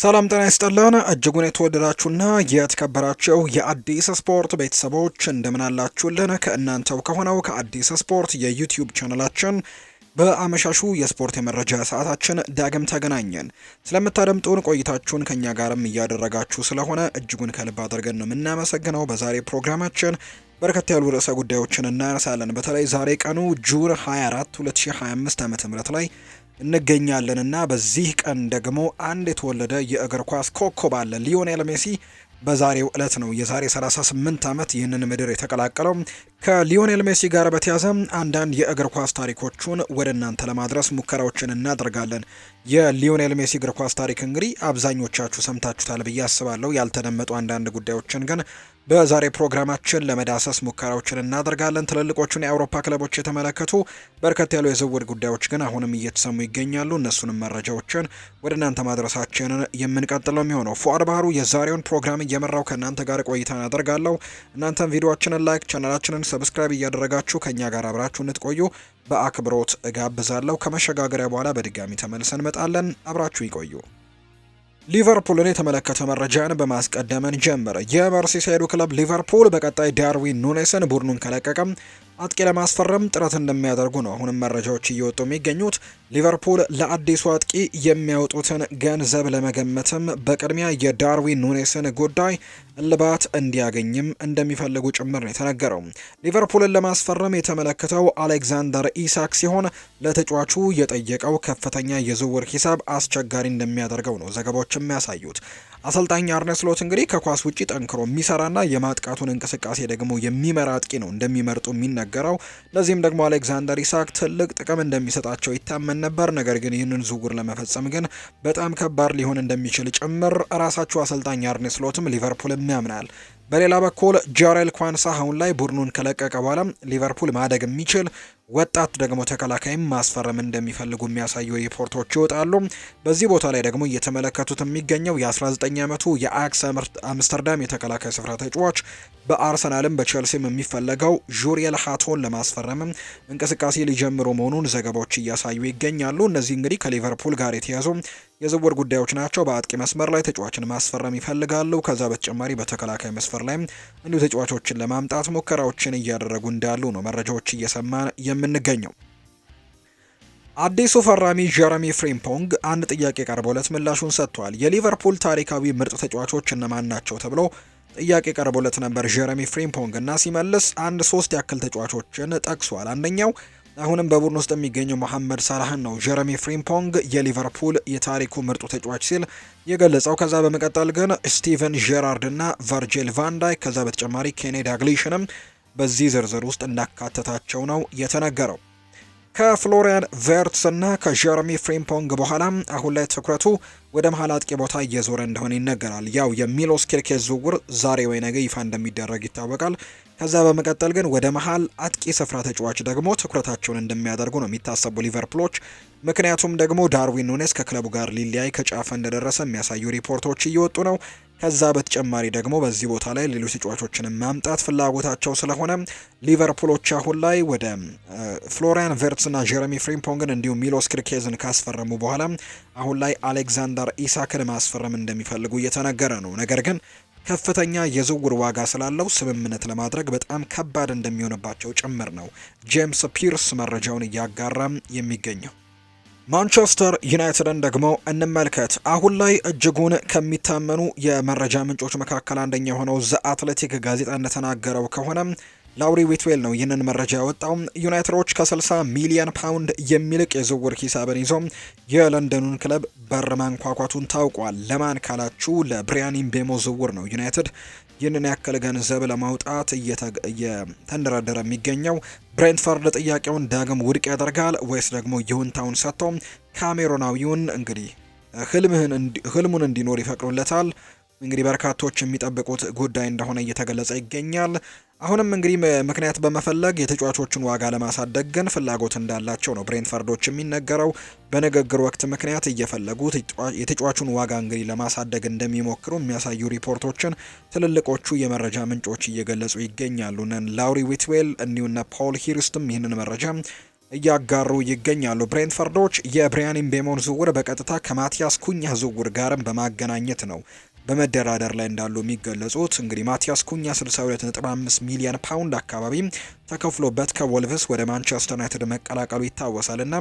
ሰላም ጤና ይስጥልን እጅጉን የተወደዳችሁና የተከበራችሁ የአዲስ ስፖርት ቤተሰቦች እንደምናላችሁልን ከእናንተው ከሆነው ከአዲስ ስፖርት የዩቲዩብ ቻናላችን በአመሻሹ የስፖርት የመረጃ ሰዓታችን ዳግም ተገናኘን። ስለምታደምጡን ቆይታችሁን ከኛ ጋርም እያደረጋችሁ ስለሆነ እጅጉን ከልብ አድርገን ነው የምናመሰግነው። በዛሬ ፕሮግራማችን በርከት ያሉ ርዕሰ ጉዳዮችን እናነሳለን። በተለይ ዛሬ ቀኑ ጁን 24 2025 ዓ.ም ላይ እንገኛለን እና በዚህ ቀን ደግሞ አንድ የተወለደ የእግር ኳስ ኮከብ አለ። ሊዮኔል ሜሲ በዛሬው ዕለት ነው የዛሬ 38 ዓመት ይህንን ምድር የተቀላቀለው። ከሊዮኔል ሜሲ ጋር በተያዘ አንዳንድ የእግር ኳስ ታሪኮቹን ወደ እናንተ ለማድረስ ሙከራዎችን እናደርጋለን። የሊዮኔል ሜሲ እግር ኳስ ታሪክ እንግዲህ አብዛኞቻችሁ ሰምታችሁታል ብዬ አስባለሁ። ያልተደመጡ አንዳንድ ጉዳዮችን ግን በዛሬ ፕሮግራማችን ለመዳሰስ ሙከራዎችን እናደርጋለን። ትልልቆቹን የአውሮፓ ክለቦች የተመለከቱ በርከት ያሉ የዝውውር ጉዳዮች ግን አሁንም እየተሰሙ ይገኛሉ። እነሱንም መረጃዎችን ወደ እናንተ ማድረሳችንን የምንቀጥለው የሚሆነው ፉአድ ባህሩ የዛሬውን ፕሮግራም እየመራው ከእናንተ ጋር ቆይታን አደርጋለሁ። እናንተም ቪዲዮችንን ላይክ፣ ቻናላችንን ሰብስክራይብ እያደረጋችሁ ከእኛ ጋር አብራችሁ እንድትቆዩ በአክብሮት እጋብዛለሁ። ከመሸጋገሪያ በኋላ በድጋሚ ተመልሰን እንመጣለን። አብራችሁ ይቆዩ። ሊቨርፑልን የተመለከተ መረጃን በማስቀደምን ጀምር። የመርሲሳይዱ ክለብ ሊቨርፑል በቀጣይ ዳርዊን ኑኔስን ቡድኑን ከለቀቀም አጥቂ ለማስፈረም ጥረት እንደሚያደርጉ ነው አሁንም መረጃዎች እየወጡ የሚገኙት። ሊቨርፑል ለአዲሱ አጥቂ የሚያወጡትን ገንዘብ ለመገመትም በቅድሚያ የዳርዊን ኑኔስን ጉዳይ እልባት እንዲያገኝም እንደሚፈልጉ ጭምር ነው የተነገረው። ሊቨርፑልን ለማስፈረም የተመለከተው አሌክዛንደር ኢሳክ ሲሆን ለተጫዋቹ የጠየቀው ከፍተኛ የዝውውር ሂሳብ አስቸጋሪ እንደሚያደርገው ነው ዘገባዎች የሚያሳዩት። አሰልጣኝ አርነስሎት ስሎት እንግዲህ ከኳስ ውጪ ጠንክሮ የሚሰራና የማጥቃቱን እንቅስቃሴ ደግሞ የሚመራ አጥቂ ነው እንደሚመርጡ የሚነገረው። ለዚህም ደግሞ አሌክዛንደር ኢሳክ ትልቅ ጥቅም እንደሚሰጣቸው ይታመን ነበር። ነገር ግን ይህንን ዝውውር ለመፈጸም ግን በጣም ከባድ ሊሆን እንደሚችል ጭምር ራሳቸው አሰልጣኝ አርነ ሊቨርፑልም ያምናል። በሌላ በኩል ጃሬል ኳንሳ አሁን ላይ ቡድኑን ከለቀቀ በኋላ ሊቨርፑል ማደግ የሚችል ወጣት ደግሞ ተከላካይም ማስፈረም እንደሚፈልጉ የሚያሳዩ ሪፖርቶች ይወጣሉ። በዚህ ቦታ ላይ ደግሞ እየተመለከቱት የሚገኘው የ19 ዓመቱ የአያክስ አምስተርዳም የተከላካይ ስፍራ ተጫዋች በአርሰናልም በቼልሲም የሚፈለገው ዡሪየል ሃቶን ለማስፈረም እንቅስቃሴ ሊጀምሩ መሆኑን ዘገባዎች እያሳዩ ይገኛሉ። እነዚህ እንግዲህ ከሊቨርፑል ጋር የተያዙ የዝውውር ጉዳዮች ናቸው። በአጥቂ መስመር ላይ ተጫዋችን ማስፈረም ይፈልጋሉ። ከዛ በተጨማሪ በተከላካይ መስመር ላይም እንዲሁ ተጫዋቾችን ለማምጣት ሙከራዎችን እያደረጉ እንዳሉ ነው መረጃዎች እየሰማ የምንገኘው። አዲሱ ፈራሚ ጀረሚ ፍሪምፖንግ አንድ ጥያቄ ቀርቦለት ምላሹን ሰጥቷል። የሊቨርፑል ታሪካዊ ምርጥ ተጫዋቾች እነማን ናቸው ተብሎ ጥያቄ ቀርቦለት ነበር ጀረሚ ፍሪምፖንግ እና ሲመልስ አንድ ሶስት ያክል ተጫዋቾችን ጠቅሷል። አንደኛው አሁንም በቡድን ውስጥ የሚገኘው መሐመድ ሳላህን ነው ጀረሚ ፍሪምፖንግ የሊቨርፑል የታሪኩ ምርጡ ተጫዋች ሲል የገለጸው። ከዛ በመቀጠል ግን ስቲቨን ጄራርድ እና ቨርጂል ቫንዳይ ከዛ በተጨማሪ ኬኔ ዳግሊሽንም በዚህ ዝርዝር ውስጥ እንዳካተታቸው ነው የተነገረው። ከፍሎሪያን ቨርትስ እና ከጀርሚ ፍሪምፖንግ በኋላ አሁን ላይ ትኩረቱ ወደ መሀል አጥቂ ቦታ እየዞረ እንደሆነ ይነገራል። ያው የሚሎስ ኬርኬዝ ዝውውር ዛሬ ወይ ነገ ይፋ እንደሚደረግ ይታወቃል። ከዛ በመቀጠል ግን ወደ መሀል አጥቂ ስፍራ ተጫዋች ደግሞ ትኩረታቸውን እንደሚያደርጉ ነው የሚታሰቡ ሊቨርፑሎች። ምክንያቱም ደግሞ ዳርዊን ኑኔስ ከክለቡ ጋር ሊለያይ ከጫፈ እንደደረሰ የሚያሳዩ ሪፖርቶች እየወጡ ነው። ከዛ በተጨማሪ ደግሞ በዚህ ቦታ ላይ ሌሎች ተጫዋቾችን ማምጣት ፍላጎታቸው ስለሆነ ሊቨርፑሎች አሁን ላይ ወደ ፍሎሪያን ቨርትስና ጀረሚ ፍሪምፖንግን እንዲሁም ሚሎስ ክርኬዝን ካስፈረሙ በኋላ አሁን ላይ አሌክዛንደር ኢሳክን ማስፈረም እንደሚፈልጉ እየተነገረ ነው። ነገር ግን ከፍተኛ የዝውውር ዋጋ ስላለው ስምምነት ለማድረግ በጣም ከባድ እንደሚሆንባቸው ጭምር ነው ጄምስ ፒርስ መረጃውን እያጋራም የሚገኘው። ማንቸስተር ዩናይትድን ደግሞ እንመልከት። አሁን ላይ እጅጉን ከሚታመኑ የመረጃ ምንጮች መካከል አንደኛ የሆነው ዘ አትሌቲክ ጋዜጣ እንደተናገረው ከሆነ ላውሪ ዊትዌል ነው ይህንን መረጃ ያወጣው። ዩናይትዶች ከ60 ሚሊዮን ፓውንድ የሚልቅ የዝውውር ሂሳብን ይዞ የለንደኑን ክለብ በር ማንኳኳቱን ታውቋል። ለማን ካላችሁ ለብሪያን ምቤሞ ዝውውር ነው ዩናይትድ ይህንን ያክል ገንዘብ ለማውጣት እየተንደረደረ የሚገኘው ብሬንትፈርድ ጥያቄውን ዳግም ውድቅ ያደርጋል ወይስ ደግሞ ይሁንታውን ሰጥቶ ካሜሮናዊውን እንግዲህ ህልሙን እንዲኖር ይፈቅዱለታል? እንግዲህ በርካቶች የሚጠብቁት ጉዳይ እንደሆነ እየተገለጸ ይገኛል። አሁንም እንግዲህ ምክንያት በመፈለግ የተጫዋቾቹን ዋጋ ለማሳደግ ግን ፍላጎት እንዳላቸው ነው ብሬንፈርዶች የሚነገረው። በንግግር ወቅት ምክንያት እየፈለጉ የተጫዋቹን ዋጋ እንግዲህ ለማሳደግ እንደሚሞክሩ የሚያሳዩ ሪፖርቶችን ትልልቆቹ የመረጃ ምንጮች እየገለጹ ይገኛሉ። ነን ላውሪ ዊትዌል እንዲሁነ ፖል ሂርስትም ይህንን መረጃ እያጋሩ ይገኛሉ። ብሬንትፈርዶች የብሪያን ምቤሞን ዝውውር በቀጥታ ከማቲያስ ኩኛ ዝውውር ጋርም በማገናኘት ነው በመደራደር ላይ እንዳሉ የሚገለጹት እንግዲህ ማቲያስ ኩኛ 62.5 ሚሊዮን ፓውንድ አካባቢ ተከፍሎበት ከወልቭስ ወደ ማንቸስተር ዩናይትድ መቀላቀሉ ይታወሳል እና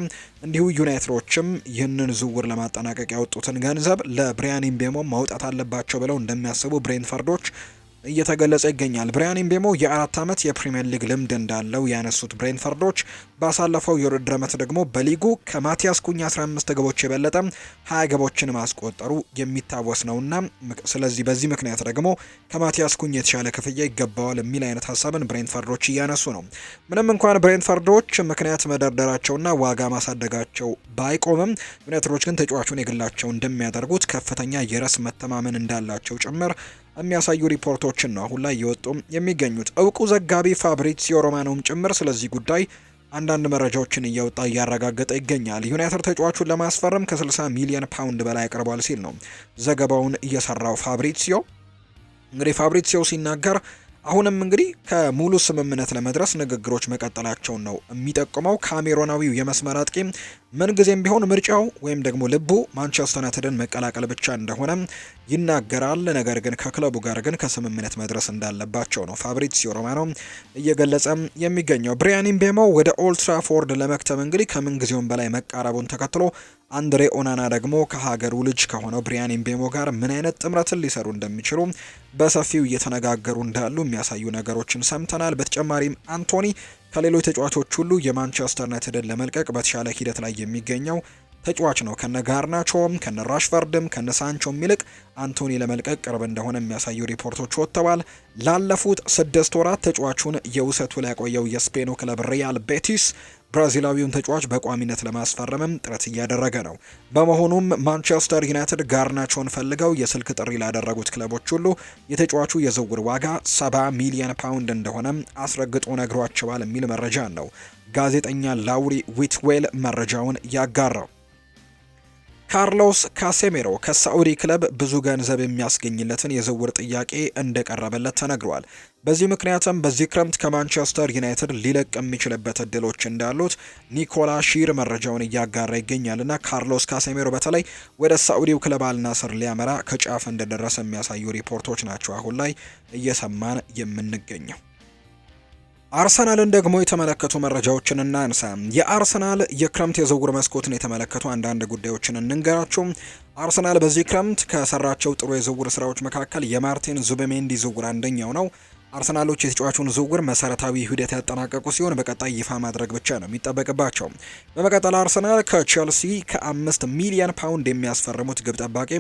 እንዲሁ ዩናይትዶችም ይህንን ዝውውር ለማጠናቀቅ ያወጡትን ገንዘብ ለብሪያን ምቤሞ ማውጣት አለባቸው ብለው እንደሚያስቡ ብሬንፈርዶች እየተገለጸ ይገኛል። ብሪያን ምቤሞ የአራት ዓመት የፕሪምየር ሊግ ልምድ እንዳለው ያነሱት ብሬንፈርዶች ባሳለፈው የውድድር ዓመት ደግሞ በሊጉ ከማቲያስ ኩኝ 15 ግቦች የበለጠ 20 ግቦችን ማስቆጠሩ የሚታወስ ነውና ስለዚህ በዚህ ምክንያት ደግሞ ከማቲያስ ኩኝ የተሻለ ክፍያ ይገባዋል የሚል አይነት ሀሳብን ብሬንፈርዶች እያነሱ ነው። ምንም እንኳን ብሬንፈርዶች ምክንያት መደርደራቸውና ዋጋ ማሳደጋቸው ባይቆምም ዩናይትዶች ግን ተጫዋቹን የግላቸው እንደሚያደርጉት ከፍተኛ የራስ መተማመን እንዳላቸው ጭምር የሚያሳዩ ሪፖርቶችን ነው አሁን ላይ እየወጡ የሚገኙት። እውቁ ዘጋቢ ፋብሪሲዮ ሮማኖም ጭምር ስለዚህ ጉዳይ አንዳንድ መረጃዎችን እያወጣ እያረጋገጠ ይገኛል። ዩናይትድ ተጫዋቹን ለማስፈረም ከ60 ሚሊዮን ፓውንድ በላይ አቅርቧል ሲል ነው ዘገባውን እየሰራው ፋብሪሲዮ። እንግዲህ ፋብሪሲዮ ሲናገር አሁንም እንግዲህ ከሙሉ ስምምነት ለመድረስ ንግግሮች መቀጠላቸውን ነው የሚጠቁመው። ካሜሮናዊው የመስመር አጥቂ ምንጊዜም ቢሆን ምርጫው ወይም ደግሞ ልቡ ማንቸስተር ዩናይትድን መቀላቀል ብቻ እንደሆነ ይናገራል። ነገር ግን ከክለቡ ጋር ግን ከስምምነት መድረስ እንዳለባቸው ነው ፋብሪሲዮ ሮማኖ እየገለጸ የሚገኘው። ብሪያን ምቤሞ ወደ ኦልትራፎርድ ለመክተም እንግዲህ ከምንጊዜውም በላይ መቃረቡን ተከትሎ አንድሬ ኦናና ደግሞ ከሀገሩ ልጅ ከሆነው ብሪያን ኢምቤሞ ጋር ምን አይነት ጥምረትን ሊሰሩ እንደሚችሉ በሰፊው እየተነጋገሩ እንዳሉ የሚያሳዩ ነገሮችን ሰምተናል። በተጨማሪም አንቶኒ ከሌሎች ተጫዋቾች ሁሉ የማንቸስተር ዩናይትድን ለመልቀቅ በተሻለ ሂደት ላይ የሚገኘው ተጫዋች ነው። ከነ ጋርናቾም ከነ ራሽፈርድም ከነ ሳንቾም ይልቅ አንቶኒ ለመልቀቅ ቅርብ እንደሆነ የሚያሳዩ ሪፖርቶች ወጥተዋል። ላለፉት ስድስት ወራት ተጫዋቹን የውሰቱ ላይ ያቆየው የስፔኑ ክለብ ሪያል ቤቲስ ብራዚላዊውን ተጫዋች በቋሚነት ለማስፈረምም ጥረት እያደረገ ነው። በመሆኑም ማንቸስተር ዩናይትድ ጋርናቾን ፈልገው የስልክ ጥሪ ላደረጉት ክለቦች ሁሉ የተጫዋቹ የዝውውር ዋጋ 70 ሚሊዮን ፓውንድ እንደሆነም አስረግጦ ነግሯቸዋል የሚል መረጃ ነው ጋዜጠኛ ላውሪ ዊትዌል መረጃውን ያጋራው። ካርሎስ ካሴሜሮ ከሳዑዲ ክለብ ብዙ ገንዘብ የሚያስገኝለትን የዝውውር ጥያቄ እንደቀረበለት ተነግሯል። በዚህ ምክንያትም በዚህ ክረምት ከማንቸስተር ዩናይትድ ሊለቅ የሚችልበት እድሎች እንዳሉት ኒኮላ ሺር መረጃውን እያጋራ ይገኛልና ካርሎስ ካሴሜሮ በተለይ ወደ ሳዑዲው ክለብ አልናስር ሊያመራ ከጫፍ እንደደረሰ የሚያሳዩ ሪፖርቶች ናቸው አሁን ላይ እየሰማን የምንገኘው። አርሰናልን ደግሞ የተመለከቱ መረጃዎችን እናንሳ። የአርሰናል የክረምት የዝውውር መስኮትን የተመለከቱ አንዳንድ ጉዳዮችን እንንገራችሁ። አርሰናል በዚህ ክረምት ከሰራቸው ጥሩ የዝውውር ስራዎች መካከል የማርቲን ዙበሜንዲ ዝውውር አንደኛው ነው። አርሰናሎች የተጫዋቹን ዝውውር መሰረታዊ ሂደት ያጠናቀቁ ሲሆን በቀጣይ ይፋ ማድረግ ብቻ ነው የሚጠበቅባቸው። በመቀጠል አርሰናል ከቼልሲ ከአምስት ሚሊዮን ፓውንድ የሚያስፈርሙት ግብ ጠባቂ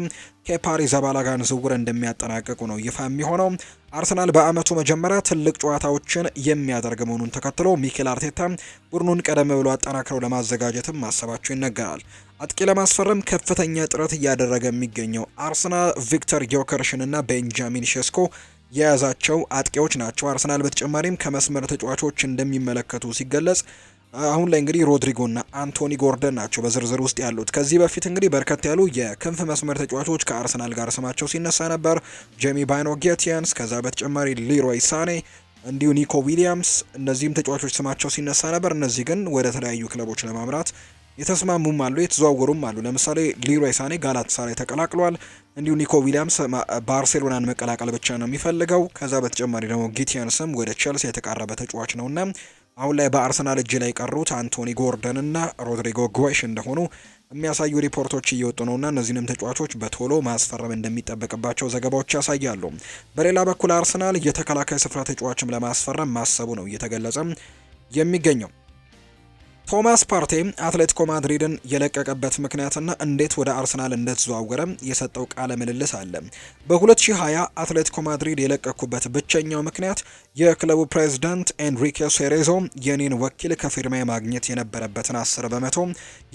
ከፓሪ ዘባላጋን ዝውውር እንደሚያጠናቅቁ ነው ይፋ የሚሆነው። አርሰናል በአመቱ መጀመሪያ ትልቅ ጨዋታዎችን የሚያደርግ መሆኑን ተከትሎ ሚኬል አርቴታ ቡድኑን ቀደም ብሎ አጠናክረው ለማዘጋጀትም ማሰባቸው ይነገራል። አጥቂ ለማስፈረም ከፍተኛ ጥረት እያደረገ የሚገኘው አርሰናል ቪክተር ዮከርሽን እና ቤንጃሚን ሼስኮ የያዛቸው አጥቂዎች ናቸው። አርሰናል በተጨማሪም ከመስመር ተጫዋቾች እንደሚመለከቱ ሲገለጽ አሁን ላይ እንግዲህ ሮድሪጎና አንቶኒ ጎርደን ናቸው በዝርዝር ውስጥ ያሉት። ከዚህ በፊት እንግዲህ በርከት ያሉ የክንፍ መስመር ተጫዋቾች ከአርሰናል ጋር ስማቸው ሲነሳ ነበር። ጄሚ ባይኖ ጌቲያንስ፣ ከዛ በተጨማሪ ሊሮይ ሳኔ እንዲሁ ኒኮ ዊሊያምስ፣ እነዚህም ተጫዋቾች ስማቸው ሲነሳ ነበር። እነዚህ ግን ወደ ተለያዩ ክለቦች ለማምራት የተስማሙም አሉ፣ የተዘዋወሩም አሉ። ለምሳሌ ሊሮይ ሳኔ ጋላት ሳራይ ተቀላቅሏል። እንዲሁ ኒኮ ዊሊያምስ ባርሴሎናን መቀላቀል ብቻ ነው የሚፈልገው። ከዛ በተጨማሪ ደግሞ ጊቲያንስም ወደ ቼልሲ የተቃረበ ተጫዋች ነውና አሁን ላይ በአርሰናል እጅ ላይ የቀሩት አንቶኒ ጎርደን እና ሮድሪጎ ጎሽ እንደሆኑ የሚያሳዩ ሪፖርቶች እየወጡ ነውና እነዚህንም ተጫዋቾች በቶሎ ማስፈረም እንደሚጠበቅባቸው ዘገባዎች ያሳያሉ። በሌላ በኩል አርሰናል የተከላካይ ስፍራ ተጫዋችም ለማስፈረም ማሰቡ ነው እየተገለጸ የሚገኘው። ቶማስ ፓርቴ አትሌቲኮ ማድሪድን የለቀቀበት ምክንያትና እንዴት ወደ አርሰናል እንደተዘዋወረ የሰጠው ቃለ ምልልስ አለ። በ2020 አትሌቲኮ ማድሪድ የለቀኩበት ብቸኛው ምክንያት የክለቡ ፕሬዚዳንት ኤንሪኬ ሴሬዞ የኔን ወኪል ከፊርማ ማግኘት የነበረበትን አስር በመቶ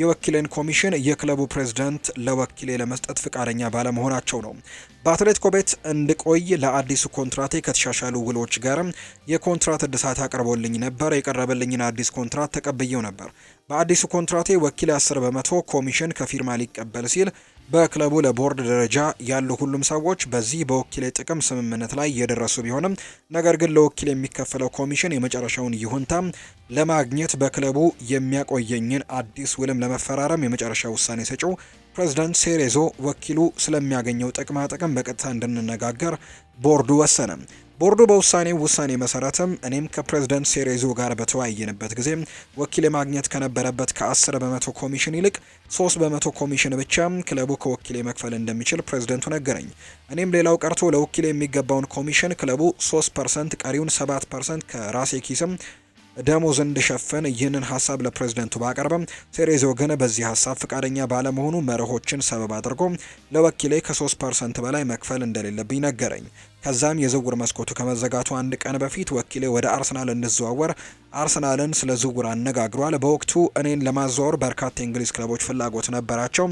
የወኪልን ኮሚሽን የክለቡ ፕሬዚዳንት ለወኪሌ ለመስጠት ፍቃደኛ ባለመሆናቸው ነው። በአትሌቲኮ ቤት እንድቆይ ለአዲሱ ኮንትራቴ ከተሻሻሉ ውሎች ጋርም የኮንትራት እድሳት አቅርቦልኝ ነበር። የቀረበልኝን አዲስ ኮንትራት ተቀብየው ነበር። በአዲሱ ኮንትራቴ ወኪል 10 በመቶ ኮሚሽን ከፊርማ ሊቀበል ሲል በክለቡ ለቦርድ ደረጃ ያሉ ሁሉም ሰዎች በዚህ በወኪሌ ጥቅም ስምምነት ላይ የደረሱ ቢሆንም ነገር ግን ለወኪል የሚከፈለው ኮሚሽን የመጨረሻውን ይሁንታ ለማግኘት በክለቡ የሚያቆየኝን አዲስ ውልም ለመፈራረም የመጨረሻ ውሳኔ ሰጪው ፕሬዚዳንት ሴሬዞ ወኪሉ ስለሚያገኘው ጥቅማ ጥቅም በቀጥታ እንድንነጋገር ቦርዱ ወሰነ። ቦርዱ በውሳኔው ውሳኔ መሰረትም እኔም ከፕሬዝደንት ሴሬዞ ጋር በተወያየንበት ጊዜ ወኪል ማግኘት ከነበረበት ከ10 በመቶ ኮሚሽን ይልቅ 3 በመቶ ኮሚሽን ብቻ ክለቡ ከወኪል መክፈል እንደሚችል ፕሬዝደንቱ ነገረኝ። እኔም ሌላው ቀርቶ ለወኪል የሚገባውን ኮሚሽን ክለቡ 3 ፐርሰንት፣ ቀሪውን 7 ፐርሰንት ከራሴ ኪስም ደሞዝ እንዲሸፍን ይህንን ሀሳብ ለፕሬዝደንቱ ባቀርበም ቴሬዞ ግን በዚህ ሀሳብ ፈቃደኛ ባለመሆኑ መርሆችን ሰበብ አድርጎ ለወኪሌ ከ3 ፐርሰንት በላይ መክፈል እንደሌለብኝ ነገረኝ። ከዛም የዝውውር መስኮቱ ከመዘጋቱ አንድ ቀን በፊት ወኪሌ ወደ አርሰናል እንዲዘዋወር አርሰናልን ስለ ዝውውር አነጋግሯል። በወቅቱ እኔን ለማዘዋወር በርካታ የእንግሊዝ ክለቦች ፍላጎት ነበራቸው።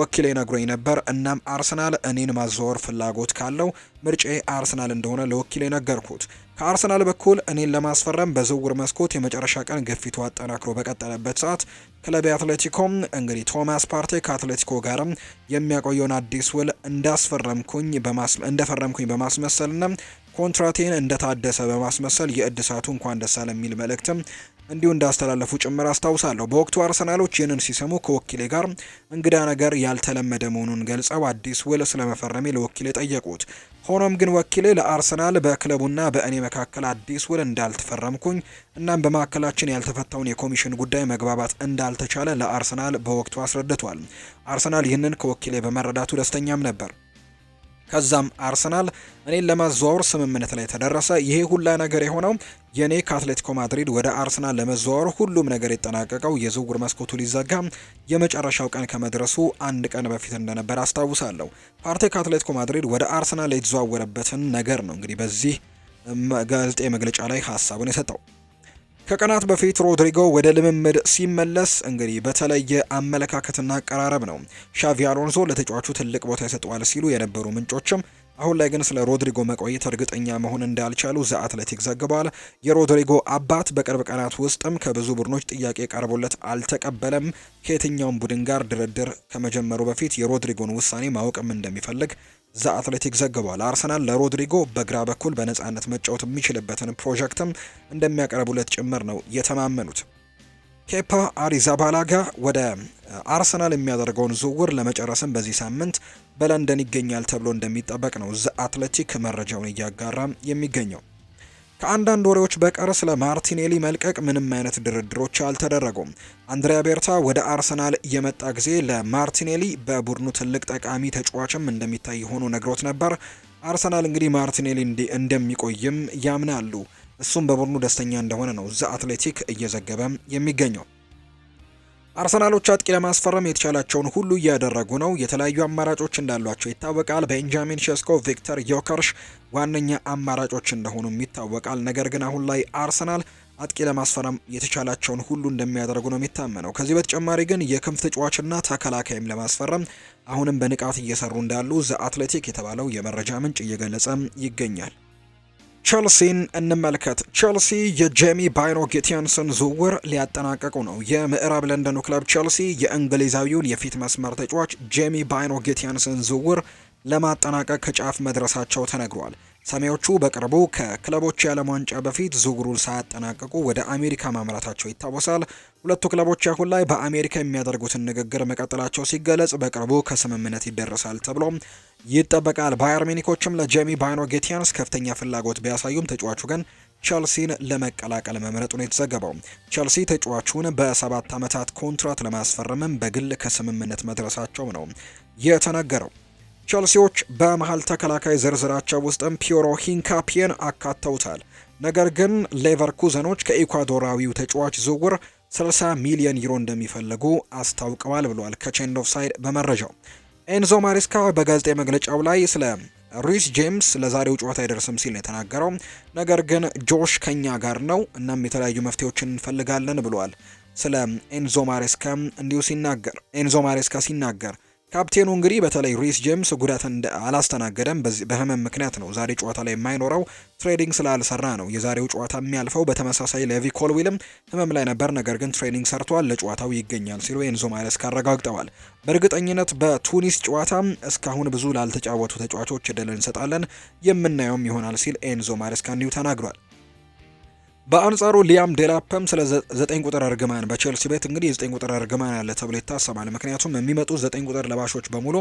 ወኪሌ ነግሮኝ ነበር። እናም አርሰናል እኔን ማዘዋወር ፍላጎት ካለው ምርጬ አርሰናል እንደሆነ ለወኪሌ ነገርኩት። ከአርሰናል በኩል እኔን ለማስፈረም በዝውውር መስኮት የመጨረሻ ቀን ግፊቱ አጠናክሮ በቀጠለበት ሰዓት ክለብ አትሌቲኮም እንግዲህ ቶማስ ፓርቴ ከአትሌቲኮ ጋርም የሚያቆየውን አዲስ ውል እንዳስፈረምኩኝ እንደፈረምኩኝ በማስመሰልና ኮንትራቴን እንደታደሰ በማስመሰል የእድሳቱ እንኳን ደስ የሚል መልእክትም እንዲሁ እንዳስተላለፉ ጭምር አስታውሳለሁ። በወቅቱ አርሰናሎች ይህንን ሲሰሙ ከወኪሌ ጋር እንግዳ ነገር ያልተለመደ መሆኑን ገልጸው አዲስ ውል ስለመፈረሜ ለወኪሌ ጠየቁት። ሆኖም ግን ወኪሌ ለአርሰናል በክለቡና በእኔ መካከል አዲስ ውል እንዳልተፈረምኩኝ እናም በማዕከላችን ያልተፈታውን የኮሚሽን ጉዳይ መግባባት እንዳልተቻለ ለአርሰናል በወቅቱ አስረድቷል። አርሰናል ይህንን ከወኪሌ በመረዳቱ ደስተኛም ነበር። ከዛም አርሰናል እኔን ለማዘዋወር ስምምነት ላይ ተደረሰ። ይሄ ሁላ ነገር የሆነው የኔ ከአትሌቲኮ ማድሪድ ወደ አርሰናል ለመዘዋወር ሁሉም ነገር የጠናቀቀው የዝውውር መስኮቱ ሊዘጋ የመጨረሻው ቀን ከመድረሱ አንድ ቀን በፊት እንደነበር አስታውሳለሁ። ፓርቴ ከአትሌቲኮ ማድሪድ ወደ አርሰናል የተዘዋወረበትን ነገር ነው እንግዲህ በዚህ ጋዜጣዊ መግለጫ ላይ ሀሳቡን የሰጠው። ከቀናት በፊት ሮድሪጎ ወደ ልምምድ ሲመለስ እንግዲህ በተለየ አመለካከትና አቀራረብ ነው ሻቪ አሎንሶ ለተጫዋቹ ትልቅ ቦታ ይሰጠዋል ሲሉ የነበሩ ምንጮችም አሁን ላይ ግን ስለ ሮድሪጎ መቆየት እርግጠኛ መሆን እንዳልቻሉ ዘ አትሌቲክ ዘግበዋል። የሮድሪጎ አባት በቅርብ ቀናት ውስጥም ከብዙ ቡድኖች ጥያቄ ቀርቦለት አልተቀበለም። ከየትኛውም ቡድን ጋር ድርድር ከመጀመሩ በፊት የሮድሪጎን ውሳኔ ማወቅም እንደሚፈልግ ዘአትሌቲክ ዘግቧል። አርሰናል ለሮድሪጎ በግራ በኩል በነፃነት መጫወት የሚችልበትን ፕሮጀክትም እንደሚያቀርቡለት ጭምር ነው የተማመኑት። ኬፓ አሪዛባላጋ ወደ አርሰናል የሚያደርገውን ዝውውር ለመጨረስም በዚህ ሳምንት በለንደን ይገኛል ተብሎ እንደሚጠበቅ ነው ዘ አትሌቲክ መረጃውን እያጋራ የሚገኘው። ከአንዳንድ ወሬዎች በቀር ስለ ማርቲኔሊ መልቀቅ ምንም አይነት ድርድሮች አልተደረጉም። አንድሪያ ቤርታ ወደ አርሰናል የመጣ ጊዜ ለማርቲኔሊ በቡድኑ ትልቅ ጠቃሚ ተጫዋችም እንደሚታይ ሆኖ ነግሮት ነበር። አርሰናል እንግዲህ ማርቲኔሊ እንደሚቆይም ያምናሉ። እሱም በቡድኑ ደስተኛ እንደሆነ ነው ዘ አትሌቲክ እየዘገበም የሚገኘው። አርሰናሎች አጥቂ ለማስፈረም የተቻላቸውን ሁሉ እያደረጉ ነው። የተለያዩ አማራጮች እንዳሏቸው ይታወቃል። ቤንጃሚን ሸስኮ፣ ቪክተር ዮከርሽ ዋነኛ አማራጮች እንደሆኑም ይታወቃል። ነገር ግን አሁን ላይ አርሰናል አጥቂ ለማስፈረም የተቻላቸውን ሁሉ እንደሚያደርጉ ነው የሚታመነው። ከዚህ በተጨማሪ ግን የክንፍ ተጫዋችና ተከላካይም ለማስፈረም አሁንም በንቃት እየሰሩ እንዳሉ ዘ አትሌቲክ የተባለው የመረጃ ምንጭ እየገለጸ ይገኛል። ቸልሲን እንመልከት። ቸልሲ የጄሚ ባይኖ ጌቲያንስን ዝውውር ሊያጠናቀቁ ነው። የምዕራብ ለንደኑ ክለብ ቸልሲ የእንግሊዛዊውን የፊት መስመር ተጫዋች ጄሚ ባይኖ ጌቲያንስን ዝውውር ለማጠናቀቅ ከጫፍ መድረሳቸው ተነግሯል። ሰሜዎቹ በቅርቡ ከክለቦች የዓለም ዋንጫ በፊት ዝውውሩን ሳያጠናቀቁ ወደ አሜሪካ ማምራታቸው ይታወሳል። ሁለቱ ክለቦች አሁን ላይ በአሜሪካ የሚያደርጉትን ንግግር መቀጠላቸው ሲገለጽ በቅርቡ ከስምምነት ይደረሳል ተብሎ ይጠበቃል። ባየር ሚኒኮችም ለጄሚ ባይኖ ጌቲያንስ ከፍተኛ ፍላጎት ቢያሳዩም ተጫዋቹ ግን ቸልሲን ለመቀላቀል መምረጡ ነው የተዘገበው። ቸልሲ ተጫዋቹን በሰባት ዓመታት ኮንትራት ለማስፈረምም በግል ከስምምነት መድረሳቸው ነው የተነገረው። ቸልሲዎች በመሃል ተከላካይ ዝርዝራቸው ውስጥም ፒዮሮ ሂንካፒየን አካተውታል። ነገር ግን ሌቨርኩዘኖች ከኢኳዶራዊው ተጫዋች ዝውውር 60 ሚሊዮን ዩሮ እንደሚፈልጉ አስታውቀዋል ብሏል ከቼንድ ኦፍ ሳይድ በመረጃው። ኤንዞ ማሪስካ በጋዜጣዊ መግለጫው ላይ ስለ ሪስ ጄምስ ለዛሬው ጨዋታ አይደርስም ሲል ነው የተናገረው። ነገር ግን ጆሽ ከኛ ጋር ነው፣ እናም የተለያዩ መፍትሄዎችን እንፈልጋለን ብሏል። ስለ ኤንዞ ማሬስካ እንዲሁ ሲናገር ኤንዞ ማሬስካ ሲናገር ካፕቴኑ እንግዲህ በተለይ ሪስ ጄምስ ጉዳት አላስተናገደም። በህመም ምክንያት ነው ዛሬ ጨዋታ ላይ የማይኖረው። ትሬኒንግ ስላልሰራ ነው የዛሬው ጨዋታ የሚያልፈው። በተመሳሳይ ለቪ ኮልዊልም ህመም ላይ ነበር፣ ነገር ግን ትሬኒንግ ሰርቷል፣ ለጨዋታው ይገኛል ሲሉ ኤንዞ ማሬስካ አረጋግጠዋል። በእርግጠኝነት በቱኒስ ጨዋታ እስካሁን ብዙ ላልተጫወቱ ተጫዋቾች እድል እንሰጣለን፣ የምናየውም ይሆናል ሲል ኤንዞ ማሬስካ እንዲሁ ተናግሯል። በአንጻሩ ሊያም ዴላፕም ስለ ዘጠኝ ቁጥር እርግማን በቼልሲ ቤት እንግዲህ የዘጠኝ ቁጥር እርግማን አለ ተብሎ ይታሰባል። ምክንያቱም የሚመጡ ዘጠኝ ቁጥር ለባሾች በሙሉ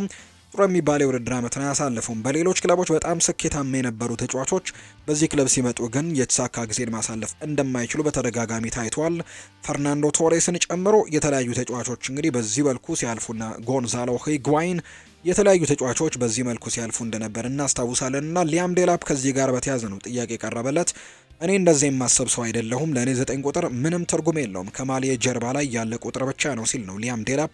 ጥሩ የሚባል የውድድር ዓመትን አያሳልፉም። በሌሎች ክለቦች በጣም ስኬታማ የነበሩ ተጫዋቾች በዚህ ክለብ ሲመጡ ግን የተሳካ ጊዜን ማሳለፍ እንደማይችሉ በተደጋጋሚ ታይቷል። ፈርናንዶ ቶሬስን ጨምሮ የተለያዩ ተጫዋቾች እንግዲህ በዚህ መልኩ ሲያልፉና ጎንዛሎ ሂግዋይን የተለያዩ ተጫዋቾች በዚህ መልኩ ሲያልፉ እንደነበር እናስታውሳለን እና ሊያም ዴላፕ ከዚህ ጋር በተያያዘ ነው ጥያቄ የቀረበለት እኔ እንደዚህ የማሰብ ሰው አይደለሁም። ለእኔ ዘጠኝ ቁጥር ምንም ትርጉም የለውም፣ ከማሌ ጀርባ ላይ ያለ ቁጥር ብቻ ነው ሲል ነው ሊያም ዴላፕ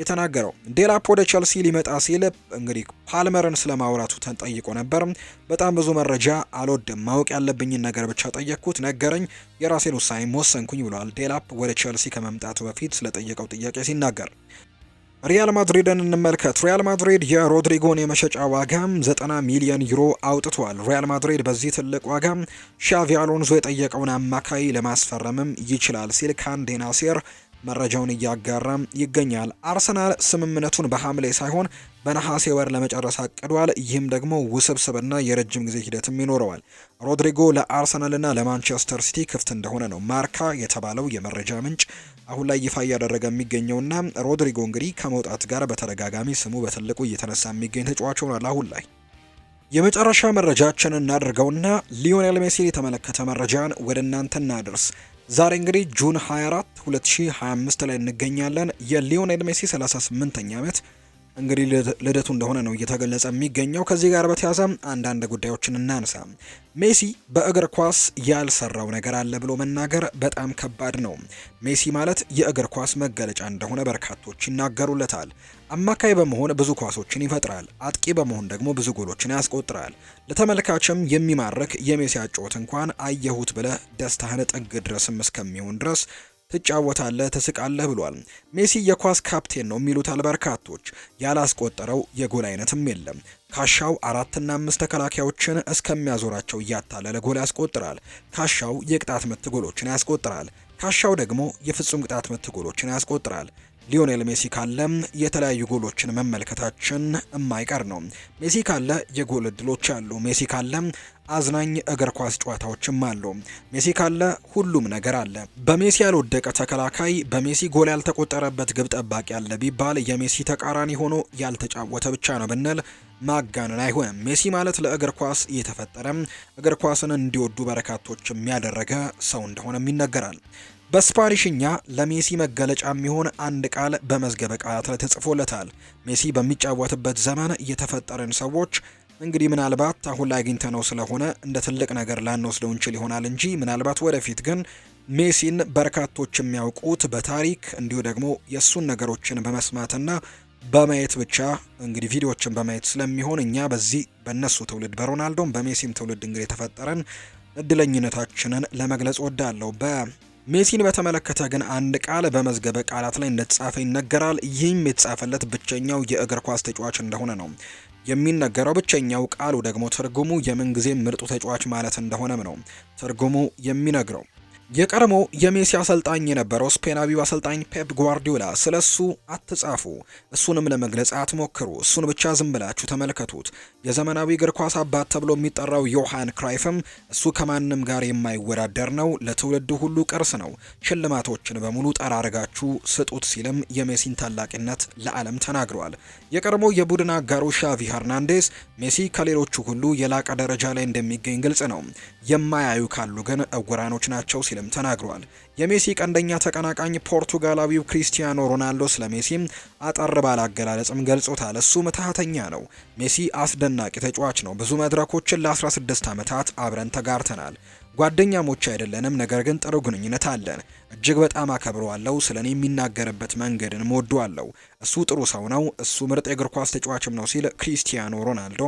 የተናገረው። ዴላፕ ወደ ቸልሲ ሊመጣ ሲል እንግዲህ ፓልመርን ስለማውራቱ ተንጠይቆ ተጠይቆ ነበር። በጣም ብዙ መረጃ አልወድም፣ ማወቅ ያለብኝን ነገር ብቻ ጠየቅኩት፣ ነገረኝ፣ የራሴን ውሳኔ ወሰንኩኝ ብሏል ዴላፕ ወደ ቸልሲ ከመምጣቱ በፊት ስለጠየቀው ጥያቄ ሲናገር ሪያል ማድሪድን እንመልከት። ሪያል ማድሪድ የሮድሪጎን የመሸጫ ዋጋ 90 ሚሊዮን ዩሮ አውጥቷል። ሪያል ማድሪድ በዚህ ትልቅ ዋጋ ሻቪ አሎንዞ የጠየቀውን አማካይ ለማስፈረምም ይችላል ሲል ካንዴ ናሴር መረጃውን እያጋራም ይገኛል። አርሰናል ስምምነቱን በሐምሌ ሳይሆን በነሐሴ ወር ለመጨረስ አቅዷል። ይህም ደግሞ ውስብስብና የረጅም ጊዜ ሂደትም ይኖረዋል። ሮድሪጎ ለአርሰናልና ለማንቸስተር ሲቲ ክፍት እንደሆነ ነው ማርካ የተባለው የመረጃ ምንጭ አሁን ላይ ይፋ እያደረገ የሚገኘውና ሮድሪጎ እንግዲህ ከመውጣት ጋር በተደጋጋሚ ስሙ በትልቁ እየተነሳ የሚገኝ ተጫዋች ሆኗል። አሁን ላይ የመጨረሻ መረጃችን እናድርገውና ሊዮኔል ሜሲን የተመለከተ መረጃን ወደ እናንተ እናድርስ። ዛሬ እንግዲህ ጁን 24 2025 ላይ እንገኛለን። የሊዮኔል ሜሲ 38ኛ ዓመት እንግዲህ ልደቱ እንደሆነ ነው እየተገለጸ የሚገኘው። ከዚህ ጋር በተያዘ አንዳንድ ጉዳዮችን እናንሳ። ሜሲ በእግር ኳስ ያልሰራው ነገር አለ ብሎ መናገር በጣም ከባድ ነው። ሜሲ ማለት የእግር ኳስ መገለጫ እንደሆነ በርካቶች ይናገሩለታል። አማካይ በመሆን ብዙ ኳሶችን ይፈጥራል፣ አጥቂ በመሆን ደግሞ ብዙ ጎሎችን ያስቆጥራል። ለተመልካችም የሚማርክ የሜሲ አጨዋወት እንኳን አየሁት ብለህ ደስታህን ጥግ ድረስም እስከሚሆን ድረስ ትጫወታለህ፣ ትስቃለህ ብሏል። ሜሲ የኳስ ካፕቴን ነው የሚሉታል በርካቶች። ያላስቆጠረው የጎል አይነትም የለም። ካሻው አራትና አምስት ተከላካዮችን እስከሚያዞራቸው እያታለለ ጎል ያስቆጥራል። ካሻው የቅጣት ምት ጎሎችን ያስቆጥራል። ካሻው ደግሞ የፍጹም ቅጣት ምት ጎሎችን ያስቆጥራል። ሊዮኔል ሜሲ ካለም የተለያዩ ጎሎችን መመልከታችን የማይቀር ነው። ሜሲ ካለ የጎል እድሎች አሉ። ሜሲ ካለም አዝናኝ እግር ኳስ ጨዋታዎችም አሉ። ሜሲ ካለ ሁሉም ነገር አለ። በሜሲ ያልወደቀ ተከላካይ፣ በሜሲ ጎል ያልተቆጠረበት ግብ ጠባቂ አለ ቢባል የሜሲ ተቃራኒ ሆኖ ያልተጫወተ ብቻ ነው ብንል ማጋነን አይሆንም። ሜሲ ማለት ለእግር ኳስ እየተፈጠረም እግር ኳስን እንዲወዱ በርካቶችም ያደረገ ሰው እንደሆነም ይነገራል። በስፓኒሽኛ ለሜሲ መገለጫ የሚሆን አንድ ቃል በመዝገበ ቃላት ላይ ተጽፎለታል። ሜሲ በሚጫወትበት ዘመን እየተፈጠረን ሰዎች እንግዲህ ምናልባት አሁን ላይ አግኝተ ነው ስለሆነ እንደ ትልቅ ነገር ላንወስደው እንችል ይሆናል እንጂ ምናልባት ወደፊት ግን ሜሲን በርካቶች የሚያውቁት በታሪክ እንዲሁ ደግሞ የእሱን ነገሮችን በመስማትና በማየት ብቻ እንግዲህ ቪዲዮዎችን በማየት ስለሚሆን እኛ በዚህ በእነሱ ትውልድ በሮናልዶም በሜሲም ትውልድ እንግዲህ የተፈጠረን እድለኝነታችንን ለመግለጽ ወዳለሁ። በሜሲን በተመለከተ ግን አንድ ቃል በመዝገበ ቃላት ላይ እንደተጻፈ ይነገራል። ይህም የተጻፈለት ብቸኛው የእግር ኳስ ተጫዋች እንደሆነ ነው። የሚነገረው ብቸኛው ቃሉ ደግሞ ትርጉሙ የምንጊዜም ምርጡ ተጫዋች ማለት እንደሆነም ነው ትርጉሙ የሚነግረው። የቀድሞ የሜሲ አሰልጣኝ የነበረው ስፔናዊው አሰልጣኝ ፔፕ ጓርዲዮላ ስለ እሱ አትጻፉ፣ እሱንም ለመግለጽ አትሞክሩ፣ እሱን ብቻ ዝም ብላችሁ ተመልከቱት። የዘመናዊ እግር ኳስ አባት ተብሎ የሚጠራው ዮሐን ክራይፍም እሱ ከማንም ጋር የማይወዳደር ነው፣ ለትውልድ ሁሉ ቅርስ ነው፣ ሽልማቶችን በሙሉ ጠራርጋችሁ ስጡት ሲልም የሜሲን ታላቂነት ለዓለም ተናግሯል። የቀድሞ የቡድን አጋሩ ሻቪ ሄርናንዴስ ሜሲ ከሌሎቹ ሁሉ የላቀ ደረጃ ላይ እንደሚገኝ ግልጽ ነው፣ የማያዩ ካሉ ግን እውራኖች ናቸው ሲል ሲልም ተናግሯል። የሜሲ ቀንደኛ ተቀናቃኝ ፖርቱጋላዊው ክሪስቲያኖ ሮናልዶ ስለ ሜሲም አጠር ባለ አገላለጽም ገልጾታል። እሱ ምትሃተኛ ነው። ሜሲ አስደናቂ ተጫዋች ነው። ብዙ መድረኮችን ለ16 ዓመታት አብረን ተጋርተናል። ጓደኛሞች አይደለንም፣ ነገር ግን ጥሩ ግንኙነት አለን። እጅግ በጣም አከብረዋለሁ። ስለ እኔ የሚናገርበት መንገድን እወደዋለሁ። እሱ ጥሩ ሰው ነው። እሱ ምርጥ የእግር ኳስ ተጫዋችም ነው ሲል ክሪስቲያኖ ሮናልዶ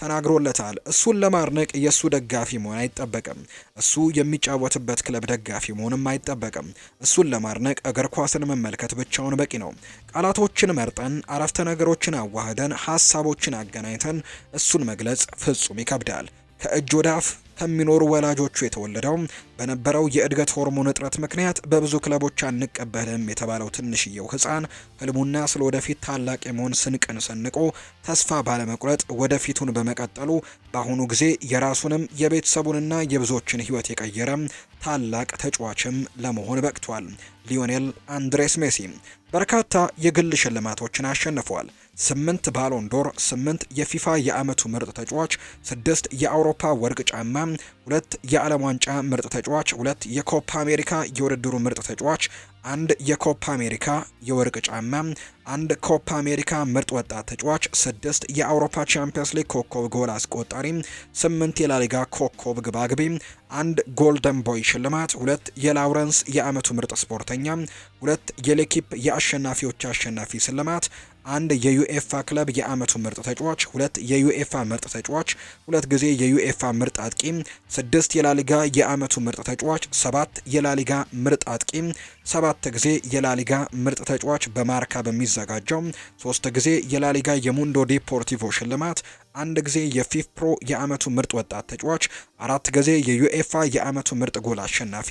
ተናግሮለታል። እሱን ለማድነቅ የእሱ ደጋፊ መሆን አይጠበቅም። እሱ የሚጫወትበት ክለብ ደጋፊ መሆንም አይጠበቅም። እሱን ለማድነቅ እግር ኳስን መመልከት ብቻውን በቂ ነው። ቃላቶችን መርጠን፣ አረፍተ ነገሮችን አዋህደን፣ ሀሳቦችን አገናኝተን እሱን መግለጽ ፍጹም ይከብዳል። ከእጅ ወዳፍ ከሚኖሩ ወላጆቹ የተወለደው በነበረው የእድገት ሆርሞን እጥረት ምክንያት በብዙ ክለቦች አንቀበልም የተባለው ትንሽየው ህፃን ህልሙና ስለ ወደፊት ታላቅ የመሆን ስንቅን ሰንቆ ተስፋ ባለመቁረጥ ወደፊቱን በመቀጠሉ በአሁኑ ጊዜ የራሱንም የቤተሰቡንና የብዙዎችን ህይወት የቀየረ ታላቅ ተጫዋችም ለመሆን በቅቷል። ሊዮኔል አንድሬስ ሜሲ በርካታ የግል ሽልማቶችን አሸንፏል። ስምንት ባሎንዶር፣ ስምንት የፊፋ የአመቱ ምርጥ ተጫዋች፣ ስድስት የአውሮፓ ወርቅ ጫማ፣ ሁለት የዓለም ዋንጫ ምርጥ ተጫዋች፣ ሁለት የኮፓ አሜሪካ የውድድሩ ምርጥ ተጫዋች፣ አንድ የኮፓ አሜሪካ የወርቅ ጫማ፣ አንድ ኮፓ አሜሪካ ምርጥ ወጣት ተጫዋች፣ ስድስት የአውሮፓ ቻምፒየንስ ሊግ ኮከብ ጎል አስቆጣሪ፣ ስምንት የላሊጋ ኮከብ ግባግቢ፣ አንድ ጎልደን ቦይ ሽልማት፣ ሁለት የላውረንስ የአመቱ ምርጥ ስፖርተኛ፣ ሁለት የሌኪፕ የአሸናፊዎች አሸናፊ ስልማት አንድ የዩኤፋ ክለብ የአመቱ ምርጥ ተጫዋች፣ ሁለት የዩኤፋ ምርጥ ተጫዋች፣ ሁለት ጊዜ የዩኤፋ ምርጥ አጥቂ፣ ስድስት የላሊጋ የአመቱ ምርጥ ተጫዋች፣ ሰባት የላሊጋ ምርጥ አጥቂ፣ ሰባት ጊዜ የላሊጋ ምርጥ ተጫዋች በማርካ በሚዘጋጀው ሶስት ጊዜ የላሊጋ የሙንዶ ዲፖርቲቮ ሽልማት፣ አንድ ጊዜ ፕሮ የአመቱ ምርጥ ወጣት ተጫዋች፣ አራት ጊዜ የዩኤፋ የአመቱ ምርጥ ጎል አሸናፊ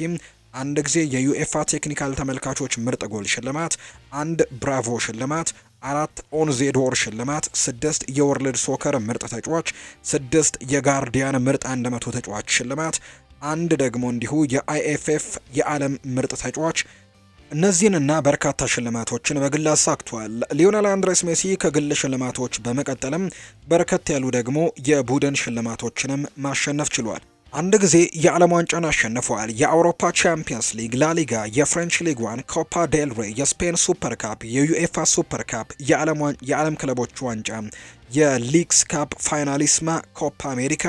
አንድ ጊዜ የዩኤፋ ቴክኒካል ተመልካቾች ምርጥ ጎል ሽልማት፣ አንድ ብራቮ ሽልማት፣ አራት ኦንዜዶር ሽልማት፣ ስድስት የወርልድ ሶከር ምርጥ ተጫዋች፣ ስድስት የጋርዲያን ምርጥ መቶ ተጫዋች ሽልማት፣ አንድ ደግሞ እንዲሁ የአይኤፍኤፍ የዓለም ምርጥ ተጫዋች እነዚህንና በርካታ ሽልማቶችን በግል አሳክቷል። ሊዮኔል አንድሬስ ሜሲ ከግል ሽልማቶች በመቀጠልም በርከት ያሉ ደግሞ የቡድን ሽልማቶችንም ማሸነፍ ችሏል። አንድ ጊዜ የዓለም ዋንጫን አሸንፈዋል። የአውሮፓ ቻምፒየንስ ሊግ፣ ላሊጋ፣ የፍሬንች ሊግ ዋን፣ ኮፓ ዴል የስፔን ሱፐር ካፕ፣ የዩኤፋ ሱፐር ካፕ፣ የዓለም ክለቦች ዋንጫ፣ የሊግስ ካፕ ፋይናሊስማ፣ ኮፓ አሜሪካ፣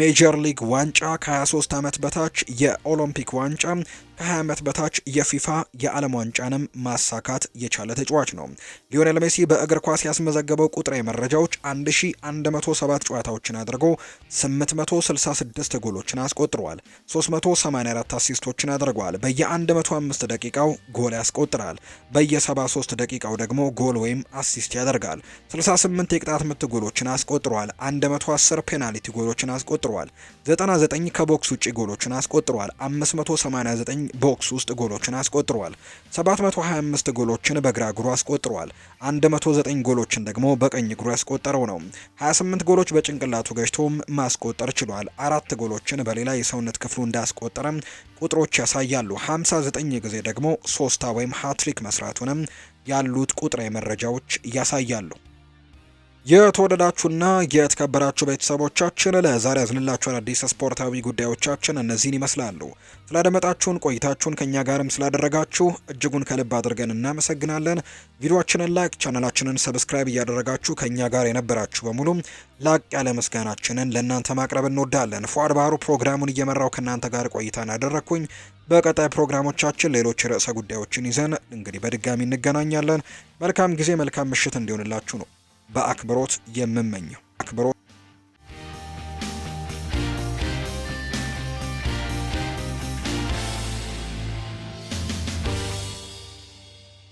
ሜጀር ሊግ ዋንጫ፣ ከ23 ዓመት በታች የኦሎምፒክ ዋንጫ፣ ከ20 ዓመት በታች የፊፋ የዓለም ዋንጫንም ማሳካት የቻለ ተጫዋች ነው። ሊዮኔል ሜሲ በእግር ኳስ ያስመዘገበው ቁጥራዊ መረጃዎች 1107 ጨዋታዎችን አድርጎ 866 ጎሎችን አስቆጥሯል። 384 አሲስቶችን አድርጓል። በየ105 ደቂቃው ጎል ያስቆጥራል። በየ73 ደቂቃው ደግሞ ጎል ወይም አሲስት ያደርጋል። 68 የቅጣት ምት ጎሎችን አስቆጥሯል። 110 ፔናልቲ ጎሎችን አስቆጥሯል። 99 ከቦክስ ውጪ ጎሎችን አስቆጥሯል። 589 ቦክስ ውስጥ ጎሎችን አስቆጥሯል። 725 ጎሎችን በግራ እግሩ አስቆጥሯል። 109 ጎሎችን ደግሞ በቀኝ እግሩ ያስቆጠረው ነው። 28 ጎሎች በጭንቅላቱ ገጭቶም ማስቆጠር ችሏል። አራት ጎሎችን በሌላ የሰውነት ክፍሉ እንዳስቆጠረም ቁጥሮች ያሳያሉ። 59 ጊዜ ደግሞ ሶስታ ወይም ሃትሪክ መስራቱንም ያሉት ቁጥራዊ መረጃዎች ያሳያሉ። የተወደዳችሁና የተከበራችሁ ቤተሰቦቻችን ለዛሬ ያዝንላችሁ አዳዲስ ስፖርታዊ ጉዳዮቻችን እነዚህን ይመስላሉ። ስላደመጣችሁን ቆይታችሁን ከእኛ ጋርም ስላደረጋችሁ እጅጉን ከልብ አድርገን እናመሰግናለን። ቪዲዮችንን ላይክ፣ ቻናላችንን ሰብስክራይብ እያደረጋችሁ ከእኛ ጋር የነበራችሁ በሙሉም ላቅ ያለ ምስጋናችንን ለእናንተ ማቅረብ እንወዳለን። ፏድ ባህሩ ፕሮግራሙን እየመራው ከእናንተ ጋር ቆይታን ያደረግኩኝ በቀጣይ ፕሮግራሞቻችን ሌሎች ርዕሰ ጉዳዮችን ይዘን እንግዲህ በድጋሚ እንገናኛለን። መልካም ጊዜ፣ መልካም ምሽት እንዲሆንላችሁ ነው በአክብሮት የምመኘው አክብሮት